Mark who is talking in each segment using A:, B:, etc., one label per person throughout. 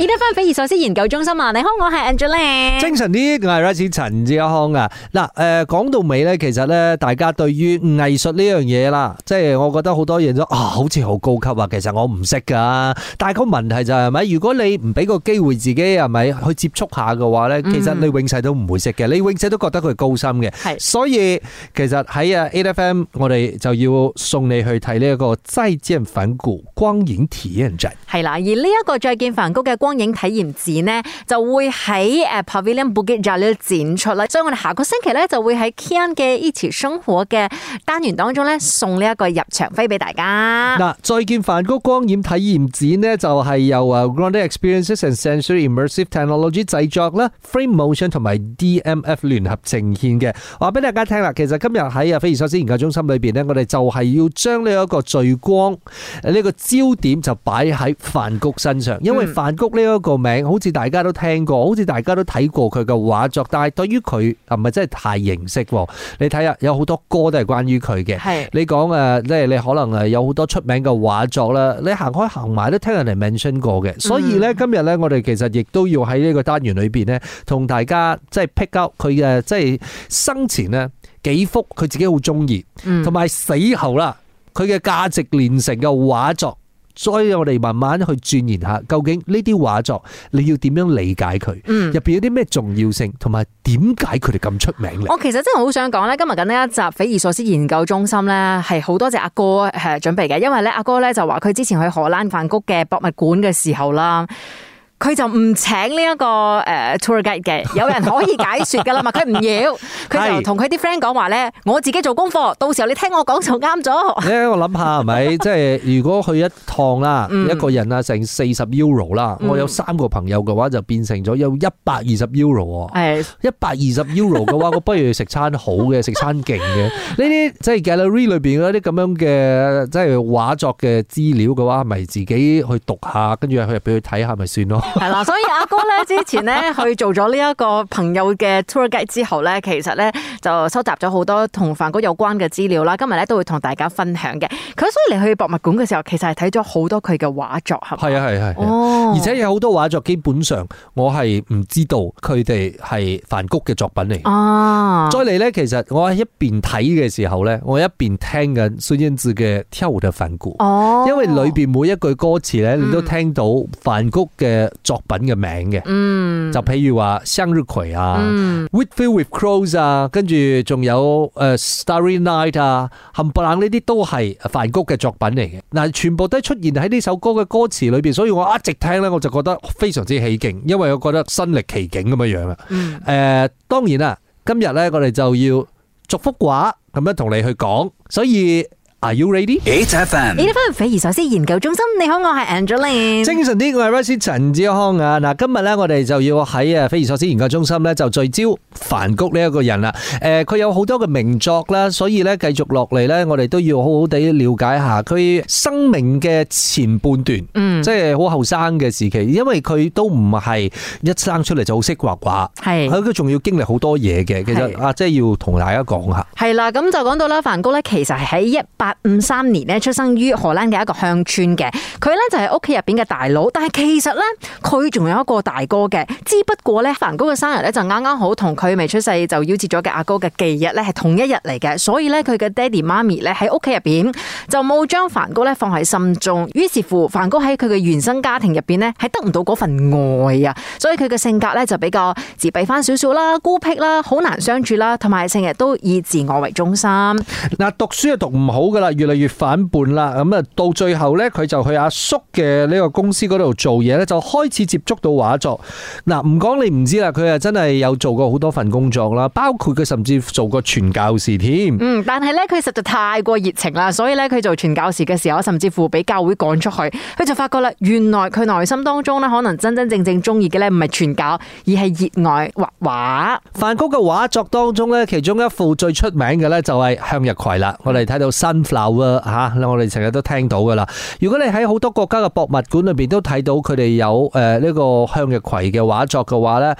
A: E.F.M. 匪夷所思研究中心啊，你好，我係 Angela，精神
B: 啲嘅係 Rice 陳志康啊。嗱，誒講到尾咧，其實咧，大家對於藝術呢樣嘢啦，即係我覺得好多嘢都啊，好似好高級啊，其實我唔識噶。但係個問題就係咪，如果你唔俾個機會自己係咪去接觸下嘅話咧，其實你永世都唔會識嘅，你永世都覺得佢係高深嘅。係，所以其實喺啊 E.F.M. 我哋就要送你去睇呢一個再見梵谷光影體驗展。係啦，
A: 而呢一個再見梵谷嘅光。光影體驗展咧，就會喺誒 Pavilion Bukit Jalil 展出啦。所以我哋下個星期咧，就會喺 Ken 嘅《衣櫥生活》嘅單元當中咧，送呢一個入場飛俾大家。嗱，
B: 再見梵谷光影體驗展咧，就係由啊 Grande Experiences and Sensory Immersive Technology 製作啦，Frame Motion 同埋 DMF 聯合呈現嘅。話俾大家聽啦，其實今日喺啊匪夷所思研究中心裏邊咧，我哋就係要將呢一個聚光誒呢、這個焦點就擺喺梵谷身上，因為梵谷呢、這、一個名字好似大家都聽過，好似大家都睇過佢嘅畫作，但係對於佢唔係真係太認識。你睇下，有好多歌都係關於佢嘅。你講誒，即係你可能誒有好多出名嘅畫作啦。你行開行埋都聽人哋 mention 過嘅。所以咧，今日咧，我哋其實亦都要喺呢個單元裏邊咧，同大家即係 pick up 佢嘅，即係生前咧幾幅佢自己好中意，同、嗯、埋死後啦，佢嘅價值連城嘅畫作。所以我哋慢慢去鑽研下，究竟呢啲畫作你要點樣理解佢？入面有啲咩重要性，同埋點解佢哋咁出名呢、嗯？我
A: 其實真係好想講咧，今日緊呢一集匪夷所思研究中心咧，係好多謝阿哥，哥準備嘅，因為咧阿哥咧就話佢之前去荷蘭梵谷嘅博物館嘅時候啦。佢就唔請呢一個誒 tour guide 嘅，有人可以解說噶啦嘛，佢 唔要，佢就同佢啲 friend 講話咧，我自己做功課， 到時候你聽我講就啱咗。
B: 你我諗下係咪， 即係如果去一趟啦，嗯，一個人啊成四十 euro 啦，嗯，我有三個朋友嘅話就變成咗有一百二十 euro，係一百二十 euro 嘅話，我不如食餐嘅 食餐好嘅，食餐勁嘅呢啲即係 gallery 裏邊嗰啲咁樣嘅即係畫作嘅資料嘅話，咪自己去讀下，跟住去入邊去睇下咪算咯。
A: 係啦，所以阿哥咧之前咧去做咗呢一個朋友嘅 tour guide 之後咧，其實咧就收集咗好多同梵谷有關嘅資料啦。今日咧都會同大家分享嘅。佢所以嚟去博物館嘅時候，其實係睇咗好多佢嘅畫作是不是，係咪？係啊係
B: 係哦，是是是是，而且有好多畫作，基本上我係唔知道佢哋係梵谷嘅作品嚟。哦，再嚟咧，其實我喺一邊睇嘅時候咧，我一邊聽緊孫燕姿嘅《跳舞嘅梵谷》，哦，因為裏邊每一句歌詞咧，你都聽到梵谷嘅，作品嘅名嘅、嗯，就譬如話向日葵啊，Wheatfield with Crows 啊，跟住仲有誒 Starry Night 啊，冚唪唥呢啲都係梵谷嘅作品嚟嘅。嗱，全部都出現喺呢首歌嘅歌詞裏邊，所以我一直聽呢，我就覺得非常之起勁，因為我覺得身歷其境咁樣樣啦。誒、嗯呃，當然啦，今日呢，我哋就要逐幅畫咁樣同你去講，所以。Are you ready? HFM，HFM 匪夷所思研究中心，你好，我係 Angeline。精神啲，我係 Russie 陳志康啊。嗱，今日咧，我哋就要喺啊匪夷所思研究中心咧，就聚焦梵谷呢一個人啦。誒、呃，佢有好多嘅名作啦，所以咧繼續落嚟咧，我哋都要好好地了解下佢生命嘅前半段。嗯、即係好後生嘅時期，因為佢都唔係一生出嚟就好識畫畫，係佢仲要經歷好多嘢嘅。其實是啊，即係要同大家講下。
A: 係啦，咁就講到啦，梵谷咧，其實喺一百。八五三年咧，出生於荷蘭嘅一個鄉村嘅，佢咧就係屋企入邊嘅大佬，但係其實咧佢仲有一個大哥嘅，只不過咧梵高嘅生日咧就啱啱好同佢未出世就夭折咗嘅阿哥嘅忌日咧係同一日嚟，嘅，所以咧佢嘅爹哋媽咪咧喺屋企入邊就冇將梵高咧放喺心中，於是乎梵高喺佢嘅原生家庭入邊咧係得唔到嗰份愛啊，所以佢嘅性格咧就比較自閉翻少少啦，孤僻啦，好難相處啦，同埋成日都以自我為中心。
B: 嗱，讀書係讀唔好嘅。越嚟越反叛啦，咁啊，到最後呢，佢就去阿叔嘅呢個公司嗰度做嘢呢，就開始接觸到畫作。嗱，唔講你唔知啦，佢啊真係有做過好多份工作啦，包括佢甚至做過傳教士添。
A: 嗯，但係呢，佢實在太過熱情啦，所以呢，佢做傳教士嘅時候，甚至乎俾教會趕出去。佢就發覺啦，原來佢內心當中呢，可能真真正正中意嘅呢，唔係傳教，而係熱愛畫畫。
B: 梵谷嘅畫作當中呢，其中一幅最出名嘅呢，就係向日葵啦。我哋睇到新。Flower 吓！我哋成日都聽到噶啦。如果你喺好多國家嘅博物館裏邊都睇到佢哋有誒呢、呃這個向日葵嘅畫作嘅話呢，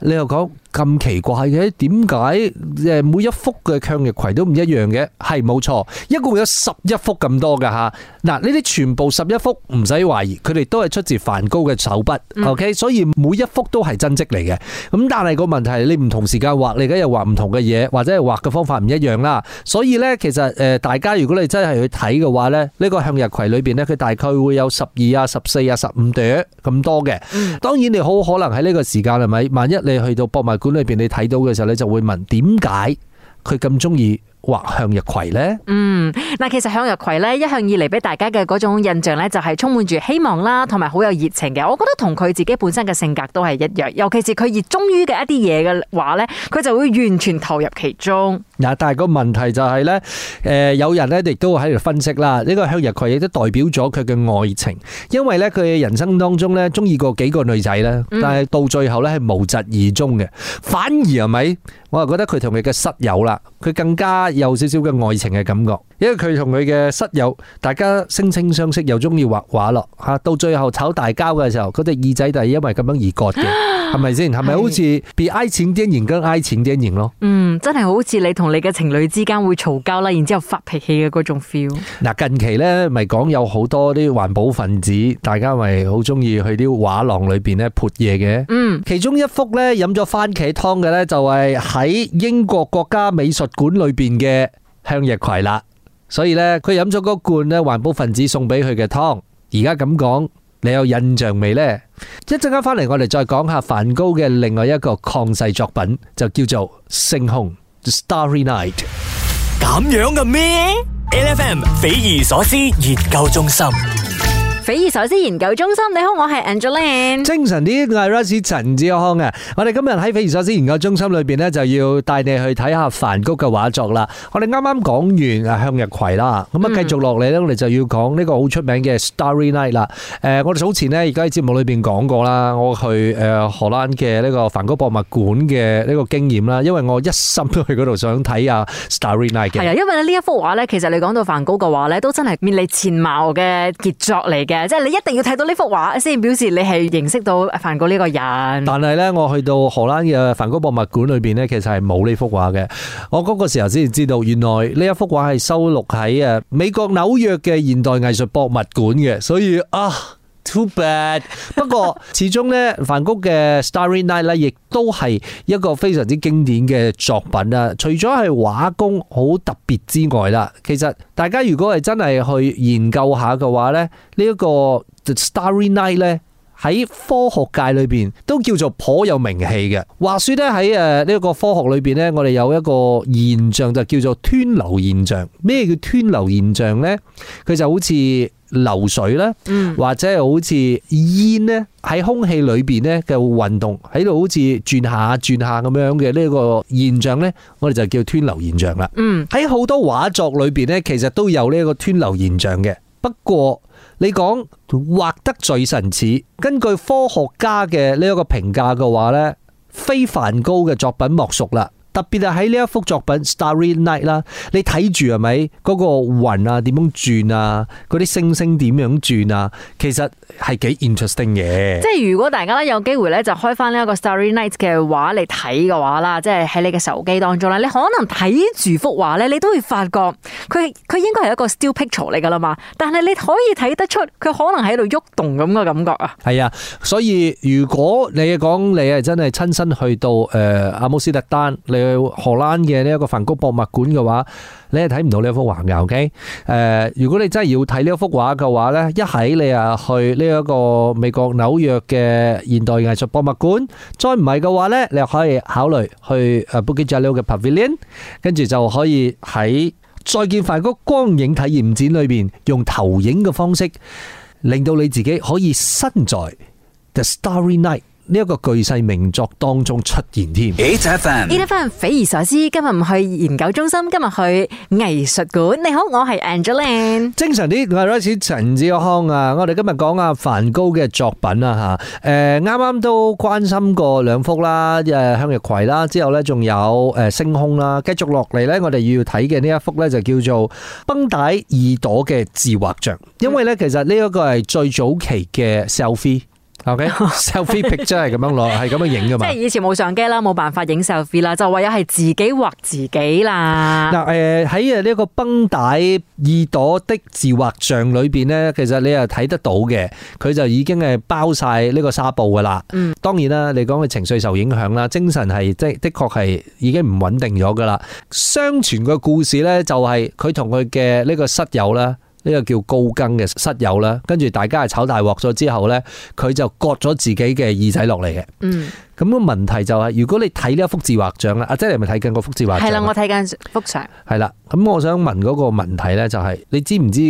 B: 你又講咁奇怪嘅，點解誒每一幅嘅向日葵都唔一樣嘅？係冇錯，一共有十一幅咁多㗎吓。嗱，呢啲全部十一幅唔使懷疑，佢哋都係出自梵高嘅手筆。O K，所以每一幅都係真迹嚟嘅。咁但係個問題係，你唔同時間畫，你而家又畫唔同嘅嘢，或者係畫嘅方法唔一樣啦。所以呢，其實誒，大家如果你真係去睇嘅話呢，呢個向日葵裡邊呢，佢大概會有十二啊、十四啊、十五朵咁多嘅。當然你好可能喺呢個時間係咪？萬一你去到博物館。館裏邊你睇到嘅時候，你就會問：點解佢咁中意？畫向日葵咧？
A: 嗯，嗱，其實向日葵咧一向以嚟俾大家嘅嗰種印象咧，就係充滿住希望啦，同埋好有熱情嘅。我覺得同佢自己本身嘅性格都係一樣，尤其是佢熱衷於嘅一啲嘢嘅話咧，
B: 佢就會完全投入其中。嗱，但係個問題就係咧，誒，有人咧亦都喺度分析啦，呢個向日葵亦都代表咗佢嘅愛情，因為咧佢嘅人生當中咧中意過幾個女仔咧，但係到最後咧係無疾而終嘅，反而係咪？我又覺得佢同佢嘅室友啦，佢更加。有少少嘅愛情嘅感覺，因為佢同佢嘅室友，大家惺惺相惜，又中意畫畫咯吓，到最後炒大交嘅時候，嗰隻耳仔就係因為咁樣而割嘅，係咪先？係咪好似比哀錢啲人跟哀錢啲人咯？嗯，
A: 真係好似你同你嘅情侶之間會嘈交啦，然之後發脾氣嘅嗰
B: 種 feel。嗱，近期呢，咪講有好多啲環保分子，大家咪好中意去啲畫廊裏邊咧潑嘢嘅。嗯，其中一幅咧飲咗番茄湯嘅咧，就係喺英國國家美術館裏邊嘅向日葵啦，所以呢佢飲咗嗰罐呢環保分子送俾佢嘅湯，而家咁講，你有印象未呢？一陣間翻嚟，我哋再講下梵高嘅另外一個曠世作品，就叫做《星空》（Starry Night）。咁樣嘅咩？LFM 匪夷所思研究中心。匪夷所思研究中心，你好，我係 Angeline，精神啲係 Rusty 陳志康嘅。我哋今日喺匪夷所思研究中心裏邊咧，就要帶你去睇下梵高嘅畫作啦。我哋啱啱講完啊向日葵啦，咁啊繼續落嚟咧，我哋就要講呢個好出名嘅 Starry Night 啦。誒，我哋早前咧而家喺節目裏邊講過啦，我去誒荷蘭嘅呢個梵高博物館嘅呢個經驗啦，因為我一心都去嗰度想睇下 Starry Night 嘅。係啊，
A: 因為咧呢一幅畫咧，其實你講到梵高嘅畫咧，都真係名列前茅嘅傑作嚟嘅。即係你一定要睇到呢幅畫，先
B: 表示你係認識到梵高呢個人。但係呢，我去到荷蘭嘅梵高博物館裏邊呢，其實係冇呢幅畫嘅。我嗰個時候先知道，原來呢一幅畫係收錄喺誒美國紐約嘅現代藝術博物館嘅。所以啊。Too bad。 不過始終呢，梵谷嘅《Starry Night》呢亦都係一個非常之經典嘅作品啦。除咗係畫工好特別之外啦，其實大家如果係真係去研究下嘅話呢，呢一個《Starry Night》呢喺科學界裏邊都叫做頗有名氣嘅。話說呢，喺誒呢一個科學裏邊呢，我哋有一個現象就叫做湍流現象。咩叫湍流現象呢？佢就好似。流水咧，或者係好似煙咧，喺空氣裏邊咧嘅運動，喺度好似轉下轉下咁樣嘅呢一個現象呢，我哋就叫湍流現象啦。喺好多畫作裏邊呢，其實都有呢一個湍流現象嘅。不過你講畫得最神似，根據科學家嘅呢一個評價嘅話呢，非梵高嘅作品莫屬啦。特別係喺呢一幅作品 Starry Night 啦，你睇住係咪嗰個雲啊點樣轉啊，嗰啲、啊、星星點樣轉啊？其實係幾 interesting 嘅。即係
A: 如果大家咧有機會咧就開翻呢一個 Starry Night 嘅畫嚟睇嘅話啦，即係喺你嘅手機當中啦，你可能睇住幅畫咧，你都會發覺佢佢應該係一個 still picture 嚟噶啦嘛，但係你可以睇得出佢可能喺度喐動咁嘅感覺啊。
B: 係啊，所以如果你講你係真係親身去到誒、呃、阿姆斯特丹荷蘭嘅呢一個梵谷博物館嘅話，你係睇唔到呢一幅畫嘅，OK？誒，如果你真係要睇呢一幅畫嘅話咧，一喺你啊去呢一個美國紐約嘅現代藝術博物館，再唔係嘅話咧，你又可以考慮去誒布吉再也呢個嘅 Pavilion，跟住就可以喺再見梵谷光影體驗展裏邊，用投影嘅方式，令到你自己可以身在 The Starry Night。呢一個巨細名作當中出現添。E.T.F.N.
A: E.T.F.N. 匪夷所思，今日唔去研究中心，今日去藝術
B: 館。你好，我係 Angeline。正常啲，我係陳志康啊，我哋今日講阿梵高嘅作品啦吓。誒，啱啱都關心過兩幅啦，誒，向日葵啦，之後咧仲有誒星空啦。繼續落嚟咧，我哋要睇嘅呢一幅咧就叫做繃帶耳朵嘅自畫像，因為咧其實呢一個係最早期嘅 selfie。O、okay? K，selfie picture 係咁樣攞，係 咁樣影噶嘛？即係
A: 以前冇相機啦，冇辦法影 selfie 啦，就唯有係自己畫自己啦。嗱、呃，誒
B: 喺啊呢個繃帶耳朵的自畫像裏邊咧，其實你又睇得到嘅，佢就已經係包晒呢個紗布噶啦。嗯，當然啦，你講佢情緒受影響啦，精神係即係的確係已經唔穩定咗噶啦。相傳嘅故事咧，就係佢同佢嘅呢個室友啦。呢、這個叫高更嘅室友啦，跟住大家係炒大鑊咗之後呢，佢就割咗自己嘅耳仔落嚟嘅。嗯，咁、就是個，啊、個，個問題就係、是，如果你睇呢一幅字畫像咧，阿姐你係咪睇緊個幅字畫像？係啦，我
A: 睇緊幅相。
B: 係啦，咁我想問嗰個問題呢，就係你知唔知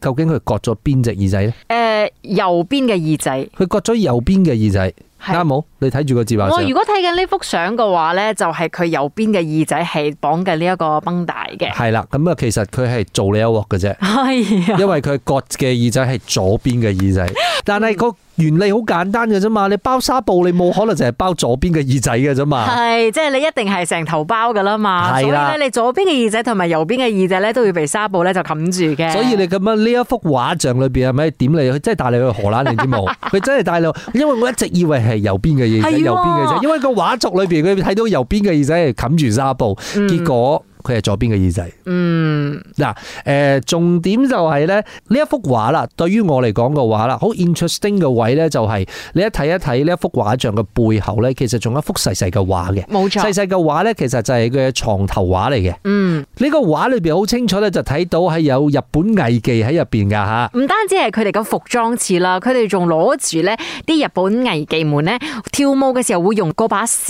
B: 究竟佢割咗邊隻耳仔呢？誒，右邊嘅耳仔。佢割咗右邊嘅耳仔。啱冇，你睇住個字幕。我、哦、如果
A: 睇緊呢幅相嘅話咧，就係、是、佢右邊嘅耳仔係綁緊呢一個繃帶嘅。
B: 係啦，咁啊，其實佢係做呢一鑊嘅啫。係 因為佢割嘅耳仔係左邊嘅耳仔， 但係是它 原理好簡單嘅啫嘛，你包紗布你冇可能就係包左邊嘅耳仔嘅啫嘛，
A: 係即係你一定係成頭包嘅啦嘛係，所以你左邊嘅耳仔同埋右邊嘅耳仔咧都會被紗布咧就冚住嘅，所以你
B: 咁樣呢一幅畫像裏邊係咪點你？佢真係帶你去荷蘭定啲冇？佢 真係帶你去，因為我一直以為係右邊嘅耳仔， 右邊嘅耳仔，因為個畫作裏邊佢睇到右邊嘅耳仔係冚住紗布，結果。嗯佢係左邊嘅耳仔。嗯，嗱，誒，重點就係咧呢一幅畫啦。對於我嚟講嘅話啦，好 interesting 嘅位咧、就是，就係你一睇一睇呢一幅畫像嘅背後咧，其實仲有一幅細細嘅畫嘅。冇錯，細細嘅畫咧，其實就係佢嘅床頭畫嚟嘅。嗯，呢、這個畫裏邊好清楚咧，就睇到係有日本藝伎喺入邊噶吓。
A: 唔單止係佢哋嘅服裝似啦，佢哋仲攞住咧
B: 啲日本藝伎們咧跳舞嘅時候會用把扇。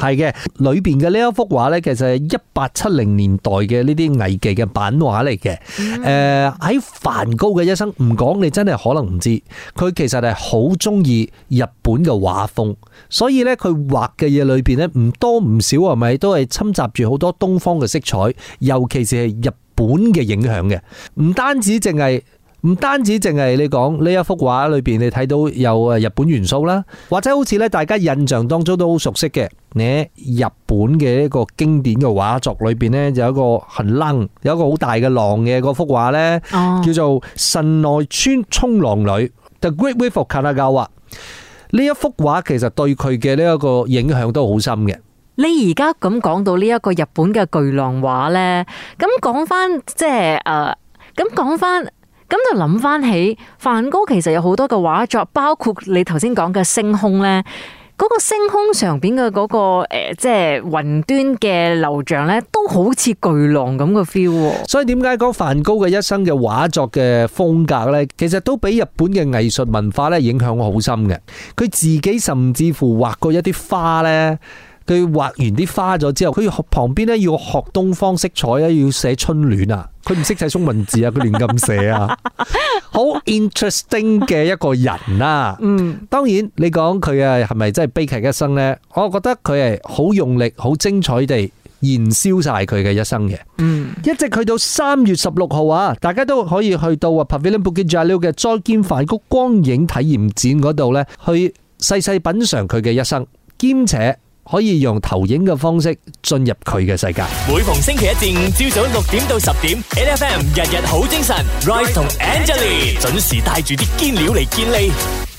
B: 係嘅，裏邊嘅呢一幅畫咧，其實係一八七零年代嘅呢啲藝妓嘅版畫嚟嘅，誒喺梵高嘅一生唔講，你真係可能唔知，佢其實係好中意日本嘅畫風，所以呢，佢畫嘅嘢裏邊呢，唔多唔少係咪都係侵襲住好多東方嘅色彩，尤其是係日本嘅影響嘅，唔單止淨係。唔單止淨係你講呢一幅畫裏邊，你睇到有誒日本元素啦，或者好似咧大家印象當中都好熟悉嘅，你日本嘅一個經典嘅畫作裏邊咧，有一個很浪，有一個好大嘅浪嘅嗰幅畫咧，哦，叫做《神奈川沖浪女》。The Great Wave of Kanagawa 啊，呢一幅畫其實對佢嘅呢一個影響都好深嘅。你而家
A: 咁講到呢一個日本嘅巨浪畫咧，咁講翻即係誒，咁講翻。呃咁就諗翻起梵高其實有好多嘅畫作，包括你頭先講嘅星空呢，嗰、嗰個星空上邊嘅嗰個誒，即係雲
B: 端嘅流像呢，都好似巨浪咁嘅 feel。所以點解講梵高嘅一生嘅畫作嘅風格呢，其實都比日本嘅藝術文化呢影響好深嘅。佢自己甚至乎畫過一啲花呢，佢畫完啲花咗之後，佢要旁邊呢，要學東方色彩，要寫春暖啊。佢唔識睇中文字啊！佢亂咁寫啊！好 interesting 嘅一個人啊。嗯，當然你講佢啊係咪真係悲劇一生呢？我覺得佢係好用力、好精彩地燃燒晒佢嘅一生嘅。嗯，一直去到三月十六號啊，大家都可以去到啊 Pavilion Bukit Jalil 嘅再見梵谷光影體驗展嗰度呢，去細細品嘗佢嘅一生兼且。可以用投影嘅方式進入佢嘅世界。
A: 每逢星期一至五朝早六點到十點，NFM 日日好
B: 精神。Rise 同 Angelie 準時帶住啲堅料嚟堅利。